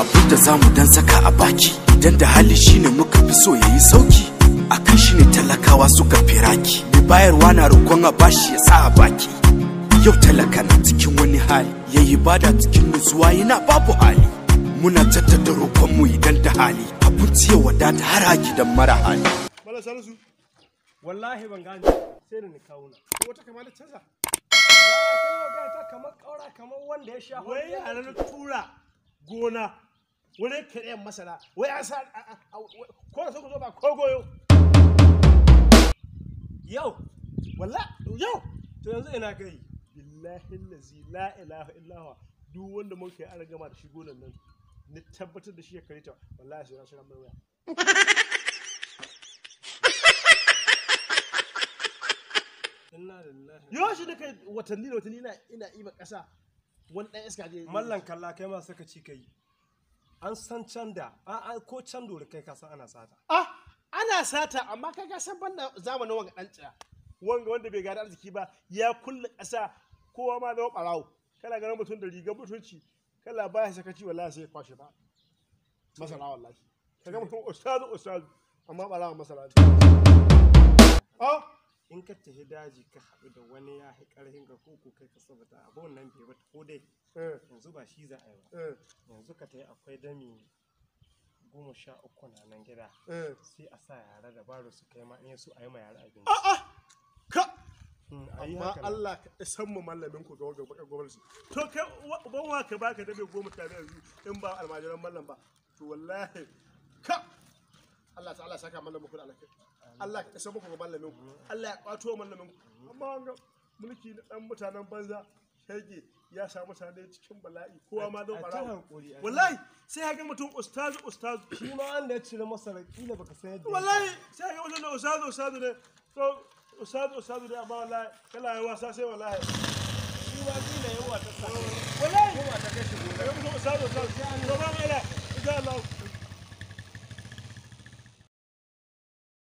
abin da za mu dan saka a baki idan da hali shine muka fi so yayi sauki akan shine talakawa suka firaki mai bayarwa na roƙon a bashi ya sa a baki yau talaka na cikin wani hali Ya yi bada cikin nutsuwa yana babu hali muna tattata roƙon mu idan da hali abinci ya wadata har a gidan mara hali wallahi ban gane sai da ni kawo na wata da canza ya kai wa kamar kamar wanda ya sha wai yaran tura gona wurin karen masara wai an sa ko da suka zo ba ko goyo yau walla yau to yanzu ina kai billahi lazi la ilaha illaha duk wanda muka kai an gama da shi gonan nan ni tabbatar da shi ya ta wallahi sai na shirin mai waya yau shi da kai watanni da watanni ina ina iba kasa wani dan iska je mallan kalla kai ma saka ci kai an san can da ko can dori kai ka san ana sata ah ana sata amma kai ka san banda zamanin wanga dan tsira wanga wanda bai gada arziki ba ya kulle kasa kowa ma zama barawo kana ganin mutum da rigar mutunci kala baya sakaci wallahi sai ya kwashe ba masara wallahi kaga mutum ustazu ustazu amma barawo masala. ah in ka tafi daji ka haɗu da wani ya haƙi ƙarfin ka ko kai ka saba ta abu nan bai bata ko dai eh. yanzu ba shi za a yi ba eh. yanzu ka tafi akwai dami goma sha uku na nan gida eh. sai a sa yara da baro su kai ma in su a yi ma yara abinci a'a ka hmm, amma Allah ka san mu mallamin ku ga wajen gobar gwamnati to kai ban wa ka baka dabe goma ta yanzu in ba almajiran mallam ba to wallahi Allah ta Allah saka mallamin ku da alheri Allah ka kasa muku mallamin ku Allah ya kwato mallamin ku amma wanga mulki na dan mutanen banza shege ya sa mutane cikin bala'i kowa ma don bara wallahi sai ya ga mutum ustaz ustaz shi ma Allah ya cire masa raki ne baka san yadda wallahi sai ya ga mutum ustaz ustaz ne to ustaz ustaz ne amma wallahi kala ya wasa sai wallahi shi ma kila yawa